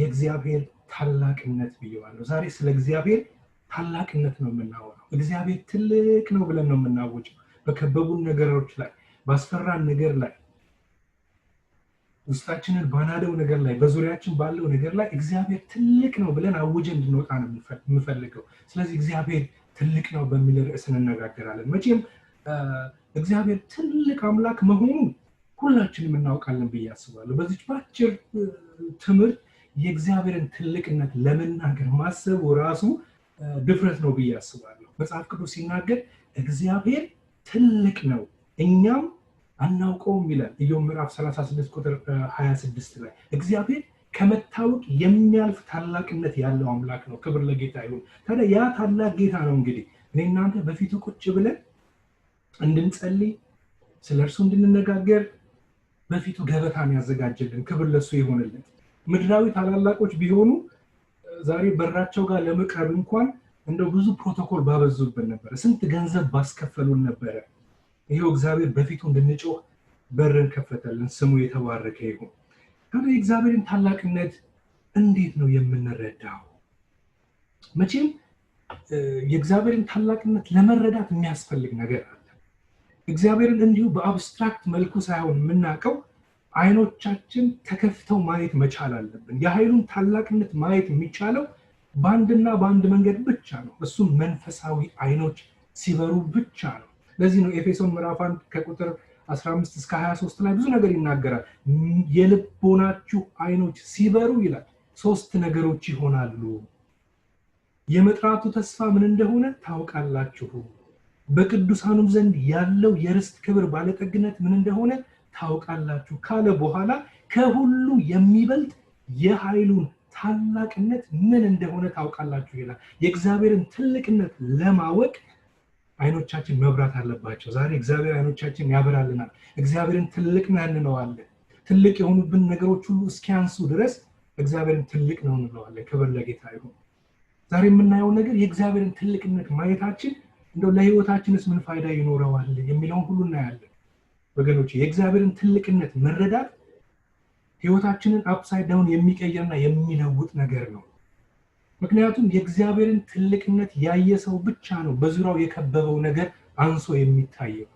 የእግዚአብሔር ታላቅነት ብየዋለሁ። ዛሬ ስለ እግዚአብሔር ታላቅነት ነው የምናወራው። እግዚአብሔር ትልቅ ነው ብለን ነው የምናወጀው። በከበቡን ነገሮች ላይ፣ ባስፈራን ነገር ላይ፣ ውስጣችንን ባናደው ነገር ላይ፣ በዙሪያችን ባለው ነገር ላይ እግዚአብሔር ትልቅ ነው ብለን አውጀ እንድንወጣ ነው የምፈልገው። ስለዚህ እግዚአብሔር ትልቅ ነው በሚል ርዕስ እንነጋገራለን። መቼም እግዚአብሔር ትልቅ አምላክ መሆኑ ሁላችንም እናውቃለን ብዬ አስባለሁ። በዚች በአጭር ትምህርት የእግዚአብሔርን ትልቅነት ለመናገር ማሰቡ ራሱ ድፍረት ነው ብዬ አስባለሁ። መጽሐፍ ቅዱስ ሲናገር እግዚአብሔር ትልቅ ነው እኛም አናውቀውም ይላል። ኢዮብ ምዕራፍ 36 ቁጥር 26 ላይ እግዚአብሔር ከመታወቅ የሚያልፍ ታላቅነት ያለው አምላክ ነው። ክብር ለጌታ ይሁን። ታዲያ ያ ታላቅ ጌታ ነው እንግዲህ እኔ እናንተ በፊቱ ቁጭ ብለን እንድንጸልይ፣ ስለ እርሱ እንድንነጋገር በፊቱ ገበታን ያዘጋጀልን። ክብር ለሱ ይሆንልን። ምድራዊ ታላላቆች ቢሆኑ ዛሬ በራቸው ጋር ለመቅረብ እንኳን እንደ ብዙ ፕሮቶኮል ባበዙብን ነበረ፣ ስንት ገንዘብ ባስከፈሉን ነበረ። ይሄው እግዚአብሔር በፊቱ እንድንጮህ በርን ከፈተልን። ስሙ የተባረከ ይሁን። ታዲያ የእግዚአብሔርን ታላቅነት እንዴት ነው የምንረዳው? መቼም የእግዚአብሔርን ታላቅነት ለመረዳት የሚያስፈልግ ነገር አለ። እግዚአብሔርን እንዲሁ በአብስትራክት መልኩ ሳይሆን የምናውቀው አይኖቻችን ተከፍተው ማየት መቻል አለብን። የኃይሉን ታላቅነት ማየት የሚቻለው በአንድና በአንድ መንገድ ብቻ ነው። እሱም መንፈሳዊ አይኖች ሲበሩ ብቻ ነው። ለዚህ ነው ኤፌሶን ምዕራፍ ከቁጥር 15 እስከ 23 ላይ ብዙ ነገር ይናገራል። የልቦናችሁ አይኖች ሲበሩ ይላል። ሶስት ነገሮች ይሆናሉ። የመጥራቱ ተስፋ ምን እንደሆነ ታውቃላችሁ፣ በቅዱሳኑም ዘንድ ያለው የርስት ክብር ባለጠግነት ምን እንደሆነ ታውቃላችሁ ካለ በኋላ ከሁሉ የሚበልጥ የኃይሉን ታላቅነት ምን እንደሆነ ታውቃላችሁ ይላል። የእግዚአብሔርን ትልቅነት ለማወቅ አይኖቻችን መብራት አለባቸው። ዛሬ እግዚአብሔር አይኖቻችን ያበራልናል። እግዚአብሔርን ትልቅ ነው እንለዋለን። ትልቅ የሆኑብን ነገሮች ሁሉ እስኪያንሱ ድረስ እግዚአብሔርን ትልቅ ነው እንለዋለን። ክብር ለጌታ ይሁን። ዛሬ የምናየው ነገር የእግዚአብሔርን ትልቅነት ማየታችን እንደው ለህይወታችንስ ምን ፋይዳ ይኖረዋል የሚለውን ሁሉ እናያለን። ወገኖች የእግዚአብሔርን ትልቅነት መረዳት ህይወታችንን አፕሳይድ ዳውን የሚቀይርና የሚለውጥ ነገር ነው። ምክንያቱም የእግዚአብሔርን ትልቅነት ያየ ሰው ብቻ ነው በዙሪያው የከበበው ነገር አንሶ የሚታየው።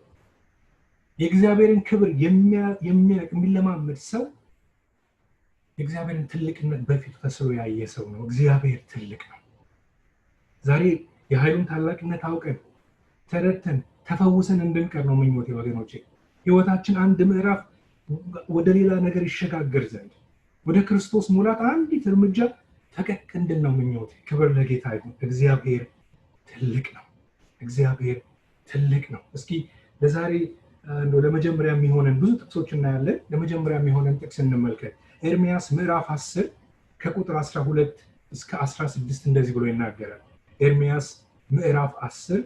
የእግዚአብሔርን ክብር የሚያቅ የሚለማመድ ሰው የእግዚአብሔርን ትልቅነት በፊት ፈስሮ ያየ ሰው ነው። እግዚአብሔር ትልቅ ነው። ዛሬ የኃይሉን ታላቅነት አውቀን ተረድተን ተፈውሰን እንድንቀር ነው ምኞቴ ወገኖቼ። ህይወታችን አንድ ምዕራፍ ወደ ሌላ ነገር ይሸጋገር ዘንድ ወደ ክርስቶስ ሙላት አንዲት እርምጃ ፈቀቅ እንድናው ምኞት። ክብር ለጌታ ይሁን። እግዚአብሔር ትልቅ ነው። እግዚአብሔር ትልቅ ነው። እስኪ ለዛሬ ለመጀመሪያ የሚሆነን ብዙ ጥቅሶች እናያለን። ለመጀመሪያ የሚሆነን ጥቅስ እንመልከት። ኤርሚያስ ምዕራፍ 10 ከቁጥር 12 እስከ 16 እንደዚህ ብሎ ይናገራል። ኤርሚያስ ምዕራፍ 10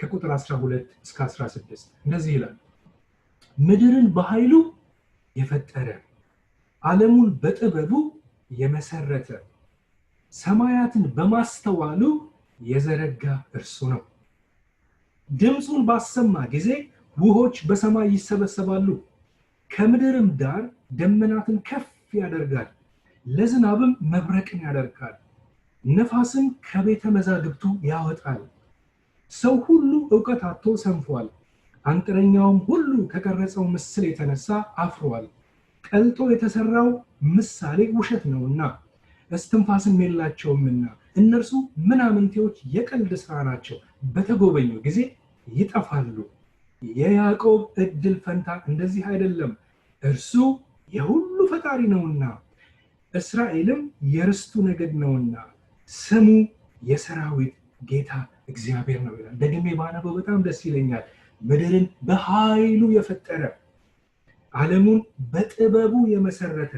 ከቁጥር 12 እስከ 16 እንደዚህ ይላል ምድርን በኃይሉ የፈጠረ ዓለሙን በጥበቡ የመሰረተ ሰማያትን በማስተዋሉ የዘረጋ እርሱ ነው። ድምፁን ባሰማ ጊዜ ውሆች በሰማይ ይሰበሰባሉ። ከምድርም ዳር ደመናትን ከፍ ያደርጋል፣ ለዝናብም መብረቅን ያደርጋል፣ ነፋስን ከቤተ መዛግብቱ ያወጣል። ሰው ሁሉ እውቀት አቶ ሰንፏል፣ አንጥረኛውም ሁሉ ከቀረጸው ምስል የተነሳ አፍሯል። ቀልጦ የተሰራው ምሳሌ ውሸት ነውና እስትንፋስም የላቸውምና እነርሱ ምናምንቴዎች የቀልድ ስራ ናቸው፣ በተጎበኙ ጊዜ ይጠፋሉ። የያዕቆብ እድል ፈንታ እንደዚህ አይደለም፣ እርሱ የሁሉ ፈጣሪ ነውና እስራኤልም የርስቱ ነገድ ነውና ስሙ የሰራዊት ጌታ እግዚአብሔር ነው ይላል። ደግሜ ባነበው በጣም ደስ ይለኛል። ምድርን በኃይሉ የፈጠረ ዓለሙን በጥበቡ የመሰረተ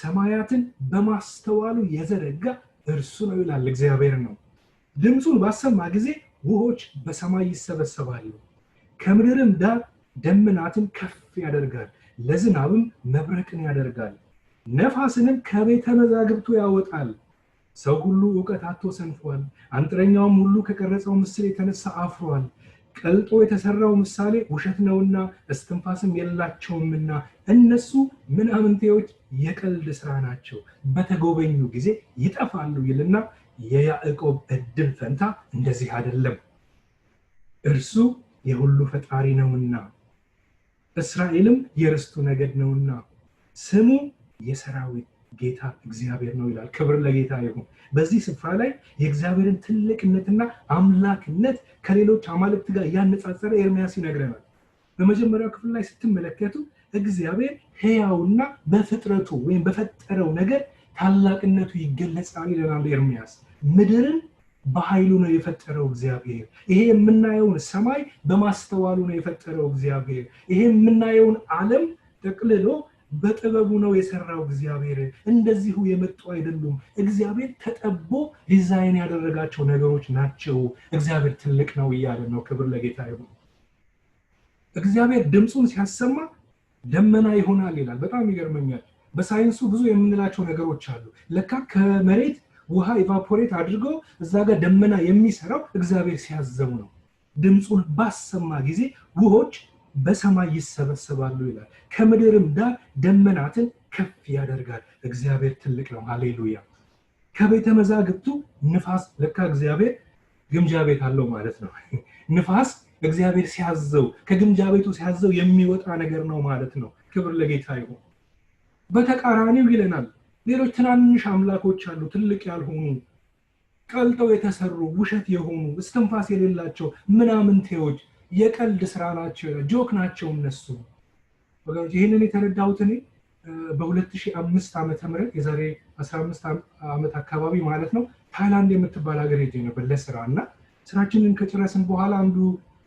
ሰማያትን በማስተዋሉ የዘረጋ እርሱ ነው ይላል። እግዚአብሔር ነው። ድምፁን ባሰማ ጊዜ ውሆች በሰማይ ይሰበሰባሉ፣ ከምድርም ዳር ደመናትን ከፍ ያደርጋል፣ ለዝናብም መብረቅን ያደርጋል፣ ነፋስንም ከቤተ መዛግብቱ ያወጣል። ሰው ሁሉ እውቀት አቶ ሰንፏል፣ አንጥረኛውም ሁሉ ከቀረጸው ምስል የተነሳ አፍሯል። ቀልጦ የተሰራው ምሳሌ ውሸት ነውና እስትንፋስም የላቸውምና እነሱ ምናምንቴዎች የቀልድ ስራ ናቸው፣ በተጎበኙ ጊዜ ይጠፋሉ ይልና የያዕቆብ እድል ፈንታ እንደዚህ አይደለም። እርሱ የሁሉ ፈጣሪ ነውና እስራኤልም የርስቱ ነገድ ነውና ስሙ የሰራዊት ጌታ እግዚአብሔር ነው ይላል። ክብር ለጌታ ይሁን። በዚህ ስፍራ ላይ የእግዚአብሔርን ትልቅነትና አምላክነት ከሌሎች አማልክት ጋር እያነጻጸረ ኤርሚያስ ይነግረናል። በመጀመሪያው ክፍል ላይ ስትመለከቱ እግዚአብሔር ሕያውና በፍጥረቱ ወይም በፈጠረው ነገር ታላቅነቱ ይገለጻል ይለናል ኤርሚያስ። ምድርን በኃይሉ ነው የፈጠረው እግዚአብሔር። ይሄ የምናየውን ሰማይ በማስተዋሉ ነው የፈጠረው እግዚአብሔር። ይሄ የምናየውን ዓለም ጠቅልሎ በጥበቡ ነው የሰራው እግዚአብሔር። እንደዚሁ የመጡ አይደሉም። እግዚአብሔር ተጠቦ ዲዛይን ያደረጋቸው ነገሮች ናቸው። እግዚአብሔር ትልቅ ነው እያለ ነው። ክብር ለጌታ ይሁን። እግዚአብሔር ድምፁን ሲያሰማ ደመና ይሆናል ይላል። በጣም ይገርመኛል። በሳይንሱ ብዙ የምንላቸው ነገሮች አሉ። ለካ ከመሬት ውሃ ኢቫፖሬት አድርገው እዛ ጋር ደመና የሚሰራው እግዚአብሔር ሲያዘው ነው። ድምፁን ባሰማ ጊዜ ውሆች በሰማይ ይሰበሰባሉ ይላል። ከምድርም ዳር ደመናትን ከፍ ያደርጋል። እግዚአብሔር ትልቅ ነው። ሃሌሉያ። ከቤተ መዛግብቱ ንፋስ፣ ለካ እግዚአብሔር ግምጃ ቤት አለው ማለት ነው። ንፋስ እግዚአብሔር ሲያዘው ከግምጃ ቤቱ ሲያዘው የሚወጣ ነገር ነው ማለት ነው። ክብር ለጌታ ይሆን በተቃራኒው ይለናል፣ ሌሎች ትናንሽ አምላኮች አሉ፣ ትልቅ ያልሆኑ ቀልጠው የተሰሩ ውሸት የሆኑ እስትንፋስ የሌላቸው ምናምንቴዎች የቀልድ ስራ ናቸው ጆክ ናቸው እነሱ ወገኖች። ይህንን የተረዳሁት እኔ በ2005 ዓ ም የዛሬ 15 ዓመት አካባቢ ማለት ነው ታይላንድ የምትባል ሀገር ሄጄ ነበር ለስራ እና ስራችንን ከጨረስን በኋላ አንዱ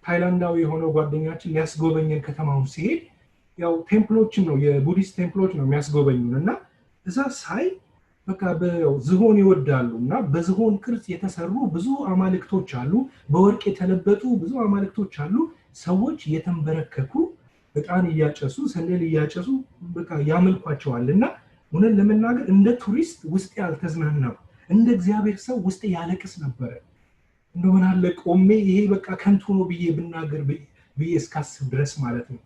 ታይላንዳዊ የሆነው ጓደኛችን ሊያስጎበኘን ከተማውን ሲሄድ ያው ቴምፕሎችን ነው የቡዲስት ቴምፕሎች ነው የሚያስጎበኙን እና እዛ ሳይ በቃ ዝሆን ይወዳሉ እና በዝሆን ቅርጽ የተሰሩ ብዙ አማልክቶች አሉ። በወርቅ የተለበጡ ብዙ አማልክቶች አሉ። ሰዎች የተንበረከኩ እጣን እያጨሱ ሰንደል እያጨሱ በቃ ያመልኳቸዋል። እና እውነት ለመናገር እንደ ቱሪስት ውስጤ አልተዝናናም። እንደ እግዚአብሔር ሰው ውስጤ ያለቅስ ነበረ። እንደው አለ ቆሜ ይሄ በቃ ከንቱ ነው ብዬ ብናገር ብዬ እስካስብ ድረስ ማለት ነው።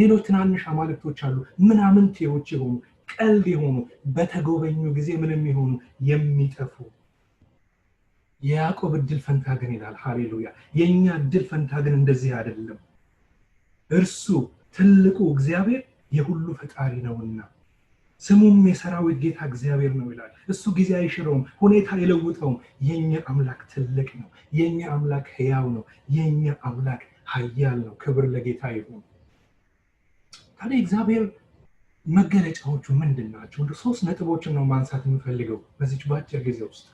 ሌሎች ትናንሽ አማልክቶች አሉ ምናምንቴዎች የሆኑ ቀልድ የሆኑ በተጎበኙ ጊዜ ምንም የሆኑ የሚጠፉ የያዕቆብ እድል ፈንታ ግን ይላል። ሃሌሉያ! የእኛ እድል ፈንታ ግን እንደዚህ አይደለም። እርሱ ትልቁ እግዚአብሔር የሁሉ ፈጣሪ ነውና ስሙም የሰራዊት ጌታ እግዚአብሔር ነው ይላል። እሱ ጊዜ አይሽረውም፣ ሁኔታ አይለውጠውም። የኛ አምላክ ትልቅ ነው። የኛ አምላክ ህያው ነው። የኛ አምላክ ሀያል ነው። ክብር ለጌታ ይሁን። ታዲያ እግዚአብሔር መገለጫዎቹ ምንድን ናቸው? እንደ ሶስት ነጥቦችን ነው ማንሳት የምፈልገው በዚች በአጭር ጊዜ ውስጥ።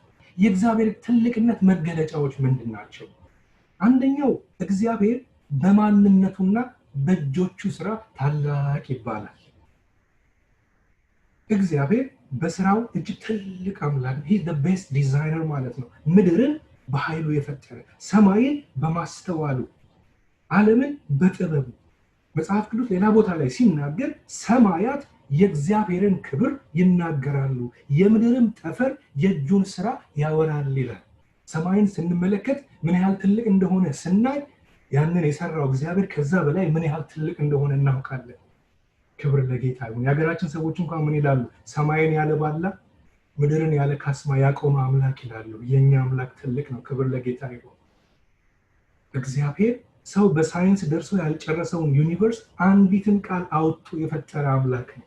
የእግዚአብሔር ትልቅነት መገለጫዎች ምንድን ናቸው? አንደኛው እግዚአብሔር በማንነቱና በእጆቹ ስራ ታላቅ ይባላል። እግዚአብሔር በስራው እጅግ ትልቅ አምላክ ቤስት ዲዛይነር ማለት ነው። ምድርን በኃይሉ የፈጠረ ሰማይን በማስተዋሉ ዓለምን በጥበቡ መጽሐፍ ቅዱስ ሌላ ቦታ ላይ ሲናገር ሰማያት የእግዚአብሔርን ክብር ይናገራሉ፣ የምድርም ጠፈር የእጁን ስራ ያወራል ይላል። ሰማይን ስንመለከት ምን ያህል ትልቅ እንደሆነ ስናይ ያንን የሰራው እግዚአብሔር ከዛ በላይ ምን ያህል ትልቅ እንደሆነ እናውቃለን። ክብር ለጌታ ይሁን። የሀገራችን ሰዎች እንኳን ምን ይላሉ? ሰማይን ያለ ባላ ምድርን ያለ ካስማ ያቆመ አምላክ ይላሉ። የእኛ አምላክ ትልቅ ነው። ክብር ለጌታ ይሁን። እግዚአብሔር ሰው በሳይንስ ደርሶ ያልጨረሰውን ዩኒቨርስ አንዲትን ቃል አውጥቶ የፈጠረ አምላክ ነው።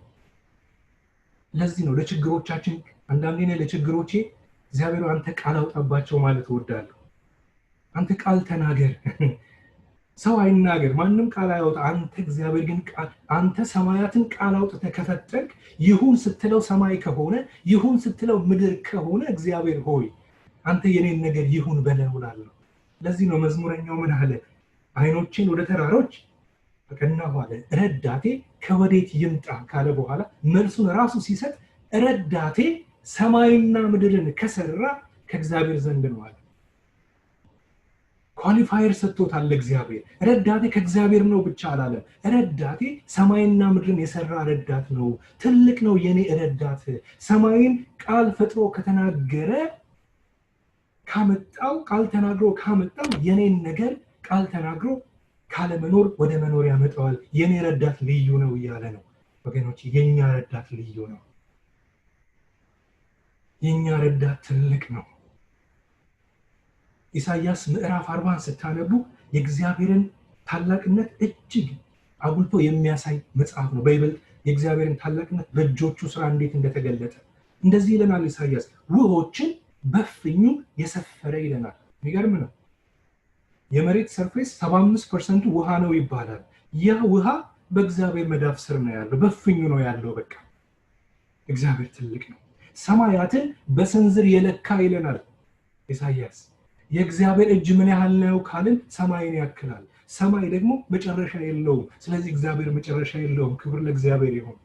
ለዚህ ነው ለችግሮቻችን አንዳንዴ እኔ ለችግሮቼ እግዚአብሔር አንተ ቃል አውጣባቸው ማለት እወዳለሁ። አንተ ቃል ተናገር፣ ሰው አይናገር፣ ማንም ቃል አያውጣ። አንተ እግዚአብሔር ግን አንተ ሰማያትን ቃል አውጥተህ ከፈጠርክ ይሁን ስትለው ሰማይ ከሆነ ይሁን ስትለው ምድር ከሆነ እግዚአብሔር ሆይ አንተ የኔን ነገር ይሁን በለው ለዚህ ነው መዝሙረኛው ምን አለ አይኖችን ወደ ተራሮች አቀናሁ አለ። ረዳቴ ከወዴት ይምጣ ካለ በኋላ መልሱን ራሱ ሲሰጥ ረዳቴ ሰማይና ምድርን ከሰራ ከእግዚአብሔር ዘንድ ነው አለ። ኳሊፋየር ሰጥቶታል ለእግዚአብሔር። ረዳቴ ከእግዚአብሔር ነው ብቻ አላለም። ረዳቴ ሰማይና ምድርን የሰራ ረዳት ነው። ትልቅ ነው የኔ ረዳት። ሰማይን ቃል ፈጥሮ ከተናገረ ካመጣው ቃል ተናግሮ ካመጣው የኔን ነገር ቃል ተናግሮ ካለመኖር ወደ መኖር ያመጣዋል። የኔ ረዳት ልዩ ነው እያለ ነው። ወገኖች የኛ ረዳት ልዩ ነው። የኛ ረዳት ትልቅ ነው። ኢሳያስ ምዕራፍ አርባን ስታነቡ የእግዚአብሔርን ታላቅነት እጅግ አጉልቶ የሚያሳይ መጽሐፍ ነው። በይበልጥ የእግዚአብሔርን ታላቅነት በእጆቹ ስራ እንዴት እንደተገለጠ እንደዚህ ይለናል ኢሳያስ ውሆችን በፍኙ የሰፈረ ይለናል። የሚገርም ነው። የመሬት ሰርፌስ 75 ፐርሰንቱ ውሃ ነው ይባላል። ያ ውሃ በእግዚአብሔር መዳፍ ስር ነው ያለው፣ በፍኙ ነው ያለው። በቃ እግዚአብሔር ትልቅ ነው። ሰማያትን በሰንዝር የለካ ይለናል ኢሳያስ። የእግዚአብሔር እጅ ምን ያህል ነው ካልን ሰማይን ያክላል። ሰማይ ደግሞ መጨረሻ የለውም። ስለዚህ እግዚአብሔር መጨረሻ የለውም። ክብር ለእግዚአብሔር ይሁን።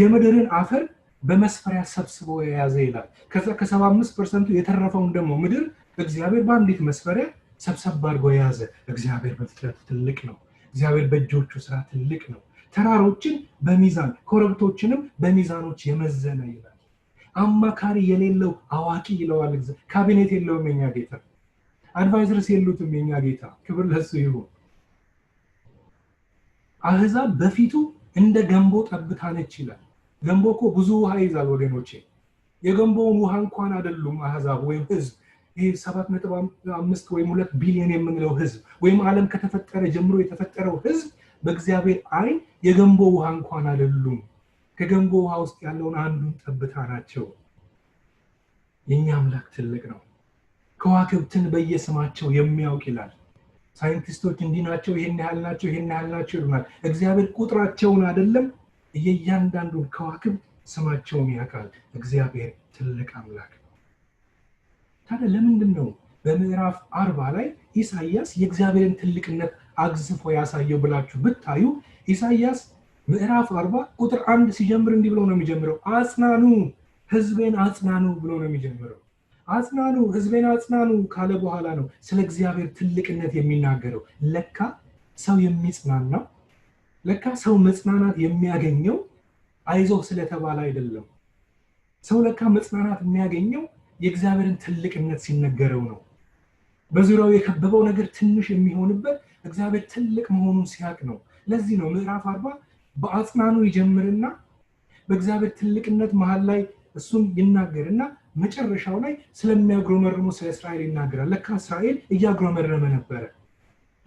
የምድርን አፈር በመስፈሪያ ሰብስቦ የያዘ ይላል። ከዛ ከሰባ አምስት ፐርሰንቱ የተረፈውን ደግሞ ምድር እግዚአብሔር በአንዲት መስፈሪያ ሰብሰብ አድርጎ የያዘ እግዚአብሔር በፍጥረቱ ትልቅ ነው። እግዚአብሔር በእጆቹ ስራ ትልቅ ነው። ተራሮችን በሚዛን ኮረብቶችንም በሚዛኖች የመዘነ ይላል። አማካሪ የሌለው አዋቂ ይለዋል። ካቢኔት የለውም የኛ ጌታ። አድቫይዘርስ የሉትም የኛ ጌታ። ክብር ለሱ ይሁን። አህዛብ በፊቱ እንደ ገንቦ ጠብታ ነች ይላል። ገንቦ እኮ ብዙ ውሃ ይዛል ወገኖቼ። የገንቦውን ውሃ እንኳን አይደሉም አህዛብ ወይም ህዝብ ይህ ሰባት ነጥብ አምስት ወይም ሁለት ቢሊዮን የምንለው ህዝብ ወይም ዓለም ከተፈጠረ ጀምሮ የተፈጠረው ህዝብ በእግዚአብሔር አይን የገንቦ ውሃ እንኳን አይደሉም። ከገንቦ ውሃ ውስጥ ያለውን አንዱን ጠብታ ናቸው። የእኛ አምላክ ትልቅ ነው። ከዋክብትን በየስማቸው የሚያውቅ ይላል። ሳይንቲስቶች እንዲህ ናቸው፣ ይሄን ያህል ናቸው፣ ይሄን ያህል ናቸው ይሉናል። እግዚአብሔር ቁጥራቸውን አይደለም እየእያንዳንዱን ከዋክብት ስማቸውን ያውቃል። እግዚአብሔር ትልቅ አምላክ ታዲያ ለምንድን ነው በምዕራፍ አርባ ላይ ኢሳያስ የእግዚአብሔርን ትልቅነት አግዝፎ ያሳየው ብላችሁ ብታዩ ኢሳያስ ምዕራፍ አርባ ቁጥር አንድ ሲጀምር እንዲህ ብሎ ነው የሚጀምረው። አጽናኑ ህዝቤን አጽናኑ ብሎ ነው የሚጀምረው። አጽናኑ ህዝቤን አጽናኑ ካለ በኋላ ነው ስለ እግዚአብሔር ትልቅነት የሚናገረው። ለካ ሰው የሚጽናናው ለካ ሰው መጽናናት የሚያገኘው አይዞህ ስለተባለ አይደለም። ሰው ለካ መጽናናት የሚያገኘው የእግዚአብሔርን ትልቅነት ሲነገረው ነው። በዙሪያው የከበበው ነገር ትንሽ የሚሆንበት እግዚአብሔር ትልቅ መሆኑን ሲያውቅ ነው። ለዚህ ነው ምዕራፍ አርባ በአጽናኑ ይጀምርና በእግዚአብሔር ትልቅነት መሀል ላይ እሱን ይናገርና መጨረሻው ላይ ስለሚያግሮመርሙ ስለ እስራኤል ይናገራል። ለካ እስራኤል እያጉረመረመ ነበረ።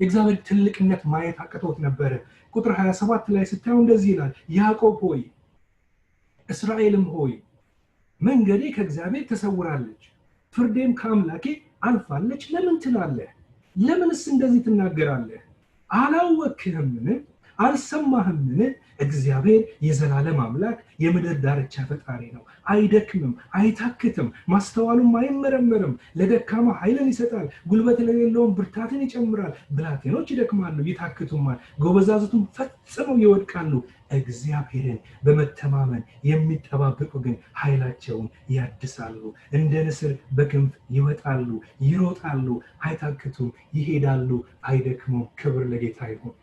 የእግዚአብሔር ትልቅነት ማየት አቅቶት ነበረ። ቁጥር 27 ላይ ስታየው እንደዚህ ይላል፣ ያዕቆብ ሆይ እስራኤልም ሆይ መንገዴ ከእግዚአብሔር ተሰውራለች፣ ፍርዴም ከአምላኬ አልፋለች ለምን ትላለህ? ለምንስ እንደዚህ ትናገራለህ? አላወክህምን? አልሰማህምን? እግዚአብሔር የዘላለም አምላክ የምድር ዳርቻ ፈጣሪ ነው። አይደክምም፣ አይታክትም፣ ማስተዋሉም አይመረመርም። ለደካማ ኃይልን ይሰጣል፣ ጉልበት ለሌለውም ብርታትን ይጨምራል። ብላቴኖች ይደክማሉ፣ ይታክቱማል፣ ጎበዛዝቱም ፈጽመው ይወድቃሉ። እግዚአብሔርን በመተማመን የሚጠባበቁ ግን ኃይላቸውን ያድሳሉ፣ እንደ ንስር በክንፍ ይወጣሉ፣ ይሮጣሉ፣ አይታክቱም፣ ይሄዳሉ፣ አይደክሙም። ክብር ለጌታ ይሁን።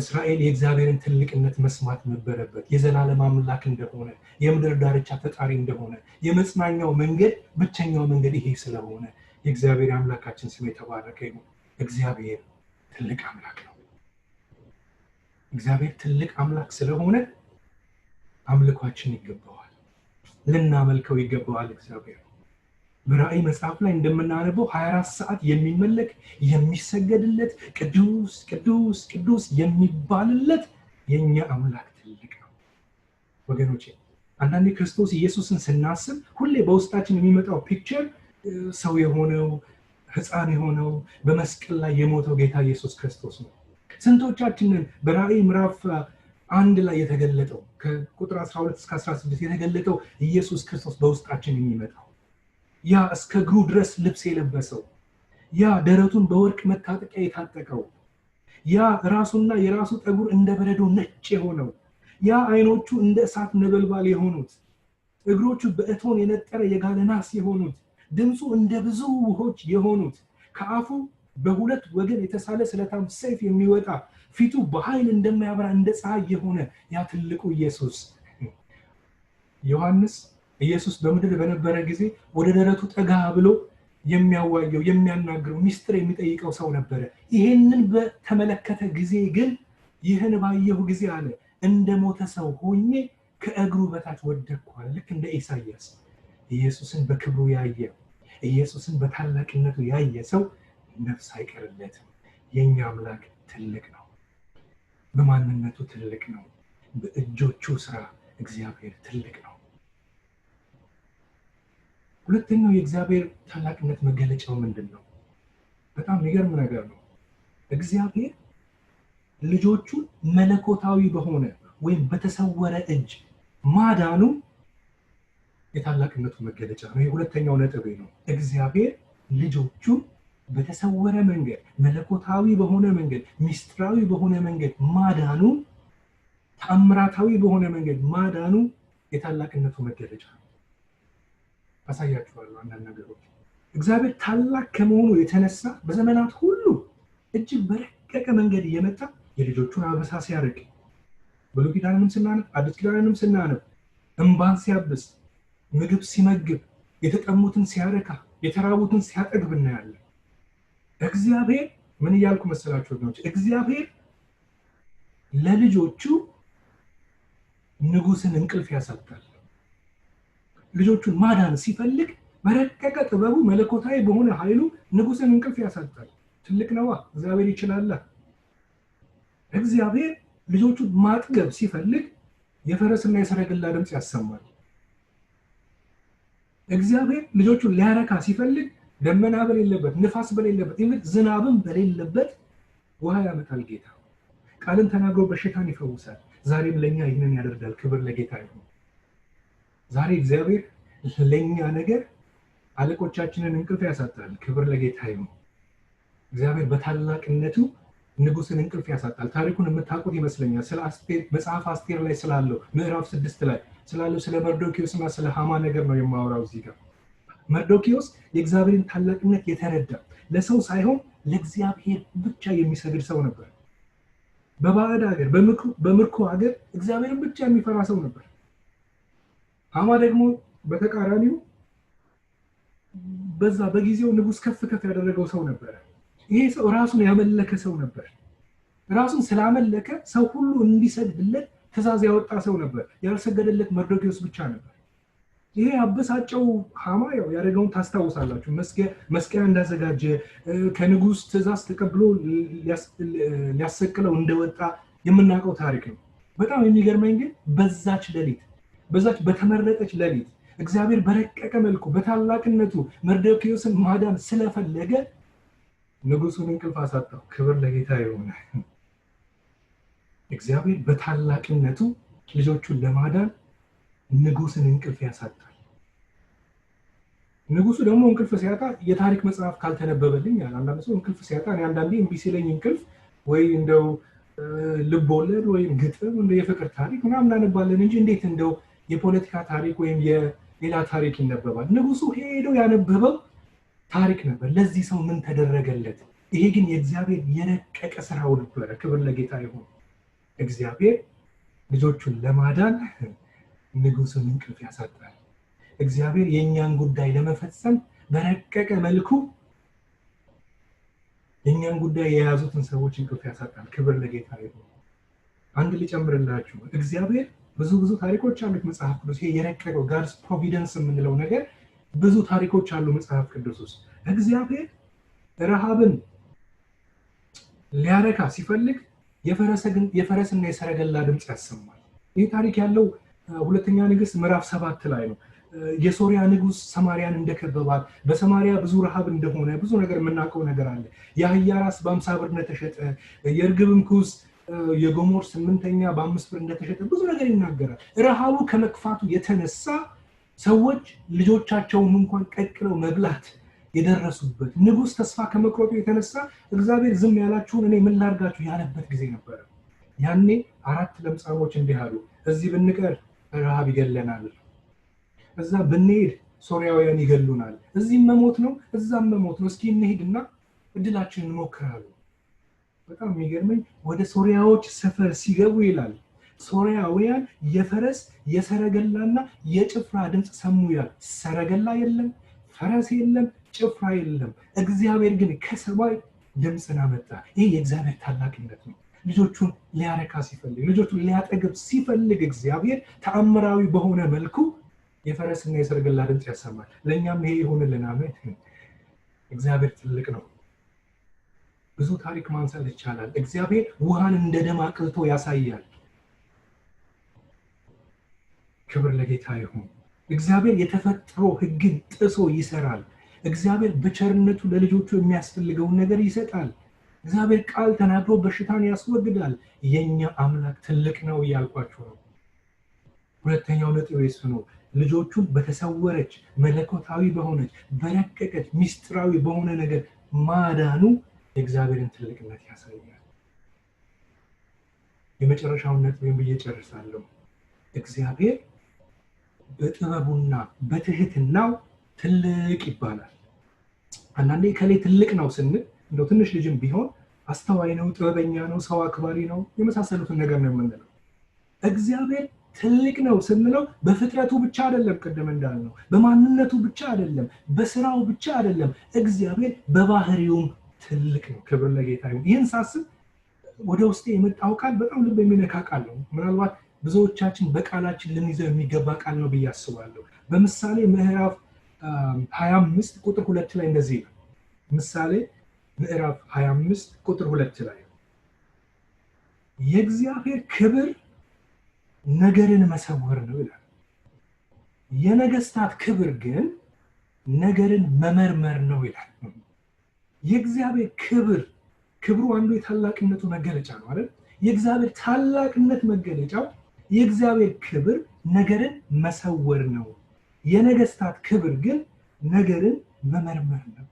እስራኤል የእግዚአብሔርን ትልቅነት መስማት ነበረበት። የዘላለም አምላክ እንደሆነ፣ የምድር ዳርቻ ፈጣሪ እንደሆነ፣ የመጽናኛው መንገድ ብቸኛው መንገድ ይሄ ስለሆነ የእግዚአብሔር አምላካችን ስም የተባረከ ይሁን። እግዚአብሔር ትልቅ አምላክ ነው። እግዚአብሔር ትልቅ አምላክ ስለሆነ አምልኳችን ይገባዋል፣ ልናመልከው ይገባዋል እግዚአብሔር በራእይ መጽሐፍ ላይ እንደምናነበው 24 ሰዓት የሚመለክ የሚሰገድለት ቅዱስ ቅዱስ ቅዱስ የሚባልለት የእኛ አምላክ ትልቅ ነው። ወገኖቼ አንዳንዴ ክርስቶስ ኢየሱስን ስናስብ ሁሌ በውስጣችን የሚመጣው ፒክቸር ሰው የሆነው ህፃን የሆነው በመስቀል ላይ የሞተው ጌታ ኢየሱስ ክርስቶስ ነው። ስንቶቻችንን በራእይ ምራፍ አንድ ላይ የተገለጠው ከቁጥር 12 እስከ 16 የተገለጠው ኢየሱስ ክርስቶስ በውስጣችን የሚመጣው ያ እስከ እግሩ ድረስ ልብስ የለበሰው ያ ደረቱን በወርቅ መታጠቂያ የታጠቀው ያ ራሱና የራሱ ጠጉር እንደ በረዶ ነጭ የሆነው ያ አይኖቹ እንደ እሳት ነበልባል የሆኑት እግሮቹ በእቶን የነጠረ የጋለ ናስ የሆኑት ድምፁ እንደ ብዙ ውሆች የሆኑት ከአፉ በሁለት ወገን የተሳለ ስለታም ሰይፍ የሚወጣ ፊቱ በኃይል እንደማያበራ እንደ ፀሐይ የሆነ ያ ትልቁ ኢየሱስ ዮሐንስ ኢየሱስ በምድር በነበረ ጊዜ ወደ ደረቱ ጠጋ ብሎ የሚያዋየው የሚያናግረው ሚስጥር የሚጠይቀው ሰው ነበረ። ይሄንን በተመለከተ ጊዜ ግን ይህን ባየሁ ጊዜ አለ እንደ ሞተ ሰው ሆኜ ከእግሩ በታች ወደኳል ልክ እንደ ኢሳያስ ኢየሱስን በክብሩ ያየ ኢየሱስን በታላቅነቱ ያየ ሰው ነፍስ አይቀርለትም። የእኛ አምላክ ትልቅ ነው፣ በማንነቱ ትልቅ ነው፣ በእጆቹ ስራ እግዚአብሔር ትልቅ ነው። ሁለተኛው የእግዚአብሔር ታላቅነት መገለጫው ምንድን ነው? በጣም የሚገርም ነገር ነው። እግዚአብሔር ልጆቹን መለኮታዊ በሆነ ወይም በተሰወረ እጅ ማዳኑ የታላቅነቱ መገለጫ ነው። የሁለተኛው ነጥቤ ነው። እግዚአብሔር ልጆቹን በተሰወረ መንገድ፣ መለኮታዊ በሆነ መንገድ፣ ሚስጥራዊ በሆነ መንገድ ማዳኑ፣ ተአምራታዊ በሆነ መንገድ ማዳኑ የታላቅነቱ መገለጫ ነው። አሳያችኋለሁ አንዳንድ ነገሮች። እግዚአብሔር ታላቅ ከመሆኑ የተነሳ በዘመናት ሁሉ እጅግ በረቀቀ መንገድ እየመጣ የልጆቹን አበሳ ሲያርቅ፣ ብሉይ ኪዳንንም ስናነብ አዲስ ኪዳንንም ስናነብ እንባን ሲያብስ፣ ምግብ ሲመግብ፣ የተጠሙትን ሲያረካ፣ የተራቡትን ሲያጠግብ እናያለን። እግዚአብሔር ምን እያልኩ መሰላችሁ ወገኖች? እግዚአብሔር ለልጆቹ ንጉስን እንቅልፍ ያሳጣል። ልጆቹን ማዳን ሲፈልግ በረቀቀ ጥበቡ መለኮታዊ በሆነ ኃይሉ ንጉሥን እንቅልፍ ያሳጣል። ትልቅ ነዋ እግዚአብሔር ይችላለ እግዚአብሔር ልጆቹን ማጥገብ ሲፈልግ የፈረስና የሰረገላ ድምፅ ያሰማል። እግዚአብሔር ልጆቹን ሊያረካ ሲፈልግ ደመና በሌለበት፣ ንፋስ በሌለበት፣ ኢቭን ዝናብም በሌለበት ውሃ ያመጣል ጌታ። ቃልን ተናግሮ በሽታን ይፈውሳል። ዛሬም ለእኛ ይህንን ያደርጋል። ክብር ለጌታ ይሁን። ዛሬ እግዚአብሔር ለእኛ ነገር አለቆቻችንን እንቅልፍ ያሳጣል። ክብር ለጌታ ይሁን። እግዚአብሔር በታላቅነቱ ንጉስን እንቅልፍ ያሳጣል። ታሪኩን የምታውቁት ይመስለኛል። ስለ መጽሐፍ አስቴር ላይ ስላለው ምዕራፍ ስድስት ላይ ስላለው ስለ መርዶኪዎስ ስለ ሀማ ነገር ነው የማወራው እዚህ ጋር። መርዶኪዎስ የእግዚአብሔርን ታላቅነት የተረዳ ለሰው ሳይሆን ለእግዚአብሔር ብቻ የሚሰግድ ሰው ነበር። በባዕድ ሀገር፣ በምርኮ ሀገር እግዚአብሔርን ብቻ የሚፈራ ሰው ነበር። ሀማ ደግሞ በተቃራኒው በዛ በጊዜው ንጉስ ከፍ ከፍ ያደረገው ሰው ነበረ። ይሄ ሰው ራሱን ያመለከ ሰው ነበር። ራሱን ስላመለከ ሰው ሁሉ እንዲሰግድለት ትእዛዝ ያወጣ ሰው ነበር። ያልሰገደለት መርዶኪዎስ ብቻ ነበር። ይሄ አበሳጨው ሀማ ያው ያደረገውን ታስታውሳላችሁ። መስቀያ እንዳዘጋጀ ከንጉስ ትእዛዝ ተቀብሎ ሊያሰቅለው እንደወጣ የምናውቀው ታሪክ ነው። በጣም የሚገርመኝ ግን በዛች ሌሊት በዛች በተመረጠች ለሊት እግዚአብሔር በረቀቀ መልኩ በታላቅነቱ መርዶክዮስን ማዳን ስለፈለገ ንጉሱን እንቅልፍ አሳጣው። ክብር ለጌታ የሆነ እግዚአብሔር በታላቅነቱ ልጆቹን ለማዳን ንጉስን እንቅልፍ ያሳጣል። ንጉሱ ደግሞ እንቅልፍ ሲያጣ የታሪክ መጽሐፍ ካልተነበበልኝ ያለ አንዳንድ ሰው እንቅልፍ ሲያጣ አንዳንዴ እምቢ ሲለኝ እንቅልፍ ወይ እንደው ልብ ወለድ ወይም ግጥም የፍቅር ታሪክ ምናምን እናነባለን እንጂ እንዴት እንደው የፖለቲካ ታሪክ ወይም የሌላ ታሪክ ይነበባል። ንጉሱ ሄዶ ያነበበው ታሪክ ነበር። ለዚህ ሰው ምን ተደረገለት? ይሄ ግን የእግዚአብሔር የረቀቀ ስራው ነበረ። ክብር ለጌታ ይሁን። እግዚአብሔር ልጆቹን ለማዳን ንጉሱን እንቅልፍ ያሳጣል። እግዚአብሔር የእኛን ጉዳይ ለመፈጸም በረቀቀ መልኩ የእኛን ጉዳይ የያዙትን ሰዎች እንቅልፍ ያሳጣል። ክብር ለጌታ ይሁን። አንድ ልጨምርላችሁ እግዚአብሔር ብዙ ብዙ ታሪኮች አሉት መጽሐፍ ቅዱስ። ይሄ የረቀቀው ጋድስ ፕሮቪደንስ የምንለው ነገር ብዙ ታሪኮች አሉ መጽሐፍ ቅዱስ ውስጥ። እግዚአብሔር ረሃብን ሊያረካ ሲፈልግ የፈረስና የሰረገላ ድምፅ ያሰማል። ይህ ታሪክ ያለው ሁለተኛ ንግስት ምዕራፍ ሰባት ላይ ነው። የሶሪያ ንጉስ ሰማሪያን እንደከበባት በሰማሪያ ብዙ ረሃብ እንደሆነ ብዙ ነገር የምናውቀው ነገር አለ። የአህያ ራስ በአምሳ ብርነት ተሸጠ። የእርግብም ኩስ የጎሞር ስምንተኛ በአምስት ብር እንደተሸጠ ብዙ ነገር ይናገራል። ረሃቡ ከመክፋቱ የተነሳ ሰዎች ልጆቻቸውን እንኳን ቀቅለው መብላት የደረሱበት ንጉሥ ተስፋ ከመቁረጡ የተነሳ እግዚአብሔር ዝም ያላችሁን እኔ ምን ያለበት ጊዜ ነበረ። ያኔ አራት ለምጻሞች እንዲህ አሉ፣ እዚህ ብንቀር ረሃብ ይገለናል፣ እዛ ብንሄድ ሶሪያውያን ይገሉናል፣ እዚህም መሞት ነው እዛም መሞት ነው፣ እስኪ እንሄድና እድላችንን እንሞክራሉ። በጣም የሚገርመኝ ወደ ሶሪያዎች ሰፈር ሲገቡ ይላል ሶሪያውያን የፈረስ የሰረገላና የጭፍራ ድምፅ ሰሙ ይላል። ሰረገላ የለም፣ ፈረስ የለም፣ ጭፍራ የለም። እግዚአብሔር ግን ከሰማይ ድምፅን አመጣ። ይህ የእግዚአብሔር ታላቅነት ነው። ልጆቹን ሊያረካ ሲፈልግ፣ ልጆቹን ሊያጠግብ ሲፈልግ እግዚአብሔር ተአምራዊ በሆነ መልኩ የፈረስና የሰረገላ ድምፅ ያሰማል። ለእኛም ይሄ የሆንልን አሜን። እግዚአብሔር ትልቅ ነው። ብዙ ታሪክ ማንሳት ይቻላል። እግዚአብሔር ውሃን እንደ ደም አቅልቶ ያሳያል። ክብር ለጌታ ይሁን። እግዚአብሔር የተፈጥሮ ሕግን ጥሶ ይሰራል። እግዚአብሔር በቸርነቱ ለልጆቹ የሚያስፈልገውን ነገር ይሰጣል። እግዚአብሔር ቃል ተናግሮ በሽታን ያስወግዳል። የእኛ አምላክ ትልቅ ነው እያልኳቸው ነው። ሁለተኛው ነጥብ የሱ ነው። ልጆቹን በተሰወረች መለኮታዊ በሆነች በረቀቀች ሚስጥራዊ በሆነ ነገር ማዳኑ የእግዚአብሔርን ትልቅነት ያሳያል። የመጨረሻውን ነጥቤን ብዬ ጨርሳለሁ። እግዚአብሔር በጥበቡና በትህትናው ትልቅ ይባላል። አንዳንዴ ከላይ ትልቅ ነው ስንል እንደው ትንሽ ልጅም ቢሆን አስተዋይ ነው፣ ጥበበኛ ነው፣ ሰው አክባሪ ነው የመሳሰሉትን ነገር ነው የምንለው። እግዚአብሔር ትልቅ ነው ስንለው በፍጥረቱ ብቻ አይደለም፣ ቅድም እንዳልነው በማንነቱ ብቻ አይደለም፣ በስራው ብቻ አይደለም። እግዚአብሔር በባህሪውም ትልቅ ነው። ክብር ለጌታ ይሁን። ይህን ሳስብ ወደ ውስጤ የመጣው ቃል በጣም ልብ የሚነካ ቃል ነው። ምናልባት ብዙዎቻችን በቃላችን ልንይዘው የሚገባ ቃል ነው ብዬ አስባለሁ። በምሳሌ ምዕራፍ 25 ቁጥር ሁለት ላይ እንደዚህ ነው። ምሳሌ ምዕራፍ 25 ቁጥር ሁለት ላይ የእግዚአብሔር ክብር ነገርን መሰወር ነው ይላል። የነገስታት ክብር ግን ነገርን መመርመር ነው ይላል። የእግዚአብሔር ክብር ክብሩ አንዱ የታላቅነቱ መገለጫ ነው አይደል? የእግዚአብሔር ታላቅነት መገለጫው የእግዚአብሔር ክብር ነገርን መሰወር ነው። የነገስታት ክብር ግን ነገርን መመርመር ነው።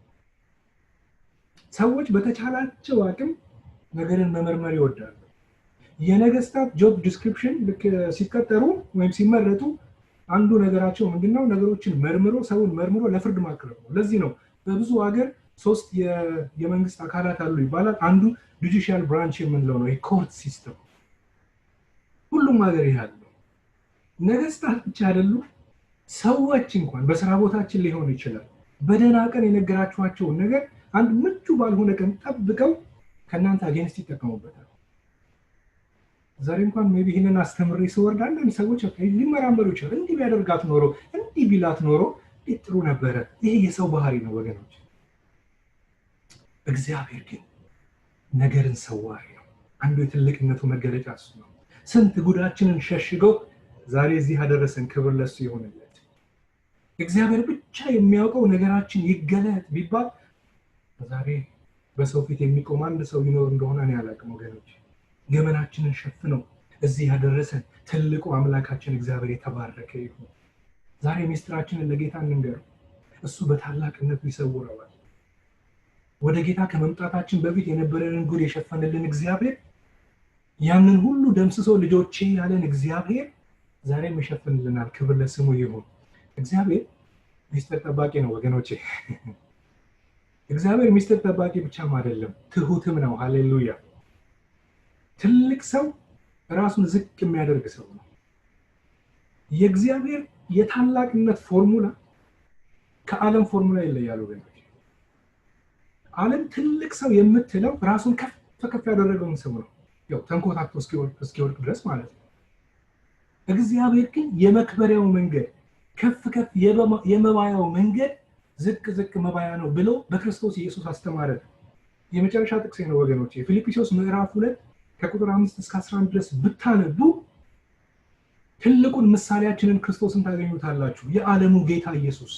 ሰዎች በተቻላቸው አቅም ነገርን መመርመር ይወዳሉ። የነገስታት ጆብ ዲስክሪፕሽን ሲቀጠሩ ወይም ሲመረጡ አንዱ ነገራቸው ምንድነው? ነገሮችን መርምሮ ሰውን መርምሮ ለፍርድ ማቅረብ ነው። ለዚህ ነው በብዙ ሀገር ሶስት የመንግስት አካላት አሉ ይባላል። አንዱ ጁዲሽያል ብራንች የምንለው ነው፣ የኮርት ሲስተም ሁሉም ሀገር ያለው። ነገስታት ብቻ አይደሉም፣ ሰዎች እንኳን በስራ ቦታችን ሊሆን ይችላል። በደህና ቀን የነገራችኋቸውን ነገር አንድ ምቹ ባልሆነ ቀን ጠብቀው ከእናንተ አጌንስት ይጠቀሙበታል። ዛሬ እንኳን ሜይ ቢ ይህንን አስተምሬ ስወርድ አንዳንድ ሰዎች ሊመራመሩ ይችላል። እንዲህ ቢያደርጋት ኖሮ እንዲህ ቢላት ኖሮ ጥሩ ነበረ። ይሄ የሰው ባህሪ ነው ወገኖች። እግዚአብሔር ግን ነገርን ሰዋሪ ነው። አንዱ የትልቅነቱ መገለጫ እሱ ነው። ስንት ጉዳችንን ሸሽገው ዛሬ እዚህ ያደረሰን ክብር ለሱ ይሆንለት። እግዚአብሔር ብቻ የሚያውቀው ነገራችን ይገለጥ ቢባል ዛሬ በሰው ፊት የሚቆም አንድ ሰው ይኖር እንደሆነ እኔ አላውቅም። ወገኖች ገመናችንን ሸፍነው እዚህ ያደረሰን ትልቁ አምላካችን እግዚአብሔር የተባረከ ይሁን። ዛሬ ሚስጥራችንን ለጌታ እንንገረው፣ እሱ በታላቅነቱ ይሰውረዋል። ወደ ጌታ ከመምጣታችን በፊት የነበረንን ጉድ የሸፈንልን እግዚአብሔር ያንን ሁሉ ደምስሶ ልጆቼ ያለን እግዚአብሔር ዛሬም ይሸፍንልናል። ክብር ለስሙ ይሁን። እግዚአብሔር ሚስጥር ጠባቂ ነው ወገኖቼ። እግዚአብሔር ሚስጥር ጠባቂ ብቻም አይደለም፣ ትሁትም ነው። ሃሌሉያ! ትልቅ ሰው ራሱን ዝቅ የሚያደርግ ሰው ነው። የእግዚአብሔር የታላቅነት ፎርሙላ ከዓለም ፎርሙላ ይለያሉ ግን ዓለም ትልቅ ሰው የምትለው ራሱን ከፍ ከፍ ያደረገውን ሰው ነው፣ ያው ተንኮታቶ እስኪወድቅ ድረስ ማለት ነው። እግዚአብሔር ግን የመክበሪያው መንገድ ከፍ ከፍ የመባያው መንገድ ዝቅ ዝቅ መባያ ነው ብሎ በክርስቶስ ኢየሱስ አስተማረ። የመጨረሻ ጥቅሴ ነው ወገኖች፣ የፊልጵስዩስ ምዕራፍ ሁለት ከቁጥር አምስት እስከ አስራ አንድ ድረስ ብታነቡ ትልቁን ምሳሌያችንን ክርስቶስን ታገኙታላችሁ። የዓለሙ ጌታ ኢየሱስ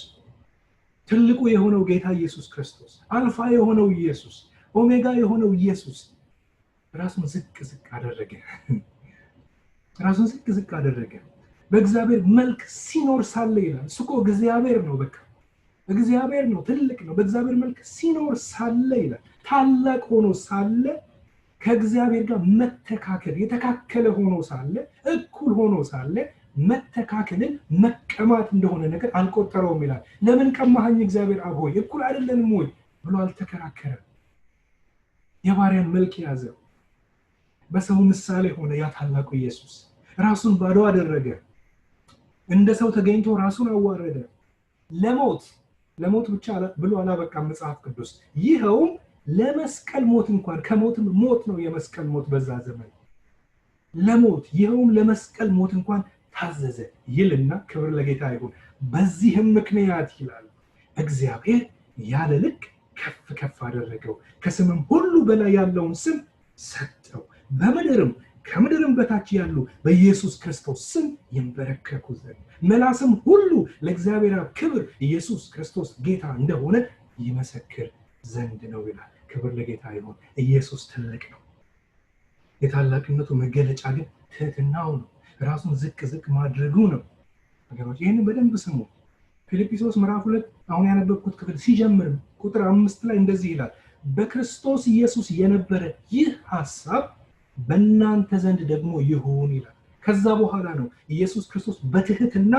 ትልቁ የሆነው ጌታ ኢየሱስ ክርስቶስ፣ አልፋ የሆነው ኢየሱስ፣ ኦሜጋ የሆነው ኢየሱስ ራሱን ዝቅ ዝቅ አደረገ። ራሱን ዝቅ ዝቅ አደረገ። በእግዚአብሔር መልክ ሲኖር ሳለ ይላል። እሱ እግዚአብሔር ነው። በቃ እግዚአብሔር ነው፣ ትልቅ ነው። በእግዚአብሔር መልክ ሲኖር ሳለ ይላል። ታላቅ ሆኖ ሳለ ከእግዚአብሔር ጋር መተካከል የተካከለ ሆኖ ሳለ እኩል ሆኖ ሳለ መተካከልን መቀማት እንደሆነ ነገር አልቆጠረውም ይላል። ለምን ቀማሃኝ እግዚአብሔር አብ ሆይ እኩል አይደለንም ወይ ብሎ አልተከራከረም። የባሪያን መልክ የያዘ በሰው ምሳሌ ሆነ። ያ ታላቁ ኢየሱስ ራሱን ባዶ አደረገ። እንደ ሰው ተገኝቶ ራሱን አዋረደ። ለሞት ለሞት ብቻ ብሎ አላበቃም መጽሐፍ ቅዱስ። ይኸውም ለመስቀል ሞት እንኳን ከሞትም ሞት ነው የመስቀል ሞት በዛ ዘመን ለሞት ይኸውም ለመስቀል ሞት እንኳን ታዘዘ ይልና ክብር ለጌታ ይሁን። በዚህም ምክንያት ይላል እግዚአብሔር ያለ ልክ ከፍ ከፍ አደረገው፣ ከስምም ሁሉ በላይ ያለውን ስም ሰጠው። በምድርም ከምድርም በታች ያሉ በኢየሱስ ክርስቶስ ስም ይንበረከኩ ዘንድ መላስም ሁሉ ለእግዚአብሔር ክብር ኢየሱስ ክርስቶስ ጌታ እንደሆነ ይመሰክር ዘንድ ነው ይላል። ክብር ለጌታ ይሆን። ኢየሱስ ትልቅ ነው። የታላቅነቱ መገለጫ ግን ትህትናው ነው። ራሱን ዝቅ ዝቅ ማድረጉ ነው። ነገሮች ይህንን በደንብ ስሙ። ፊልጵሶስ ምዕራፍ ሁለት አሁን ያነበብኩት ክፍል ሲጀምር ቁጥር አምስት ላይ እንደዚህ ይላል፣ በክርስቶስ ኢየሱስ የነበረ ይህ ሀሳብ በእናንተ ዘንድ ደግሞ ይሁን ይላል። ከዛ በኋላ ነው ኢየሱስ ክርስቶስ በትህትና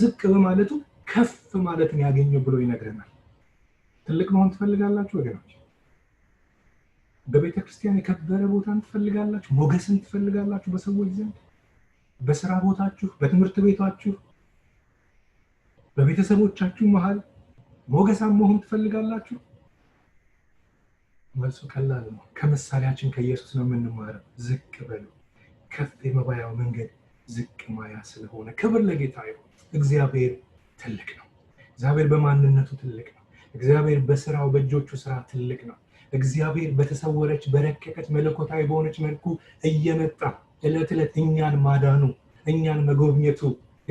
ዝቅ በማለቱ ከፍ ማለትን ያገኘው ብሎ ይነግረናል። ትልቅ መሆን ትፈልጋላችሁ ወገኖች? በቤተክርስቲያን የከበረ ቦታን ትፈልጋላችሁ? ሞገስን ትፈልጋላችሁ በሰዎች ዘንድ በስራ ቦታችሁ፣ በትምህርት ቤታችሁ፣ በቤተሰቦቻችሁ መሀል ሞገሳም መሆን ትፈልጋላችሁ? መልሱ ቀላል ነው። ከምሳሌያችን ከኢየሱስ ነው የምንማረው። ዝቅ በሉ፣ ከፍ የመባያው መንገድ ዝቅ ማያ ስለሆነ ክብር ለጌታ ይሁን። እግዚአብሔር ትልቅ ነው። እግዚአብሔር በማንነቱ ትልቅ ነው። እግዚአብሔር በስራው በእጆቹ ስራ ትልቅ ነው። እግዚአብሔር በተሰወረች በረቀቀች መለኮታዊ በሆነች መልኩ እየመጣ እለት እለት እኛን ማዳኑ እኛን መጎብኘቱ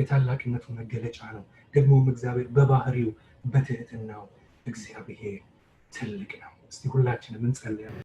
የታላቅነቱ መገለጫ ነው። ደግሞም እግዚአብሔር በባህሪው በትህትናው እግዚአብሔር ትልቅ ነው። እስቲ ሁላችንም እንጸልያለን።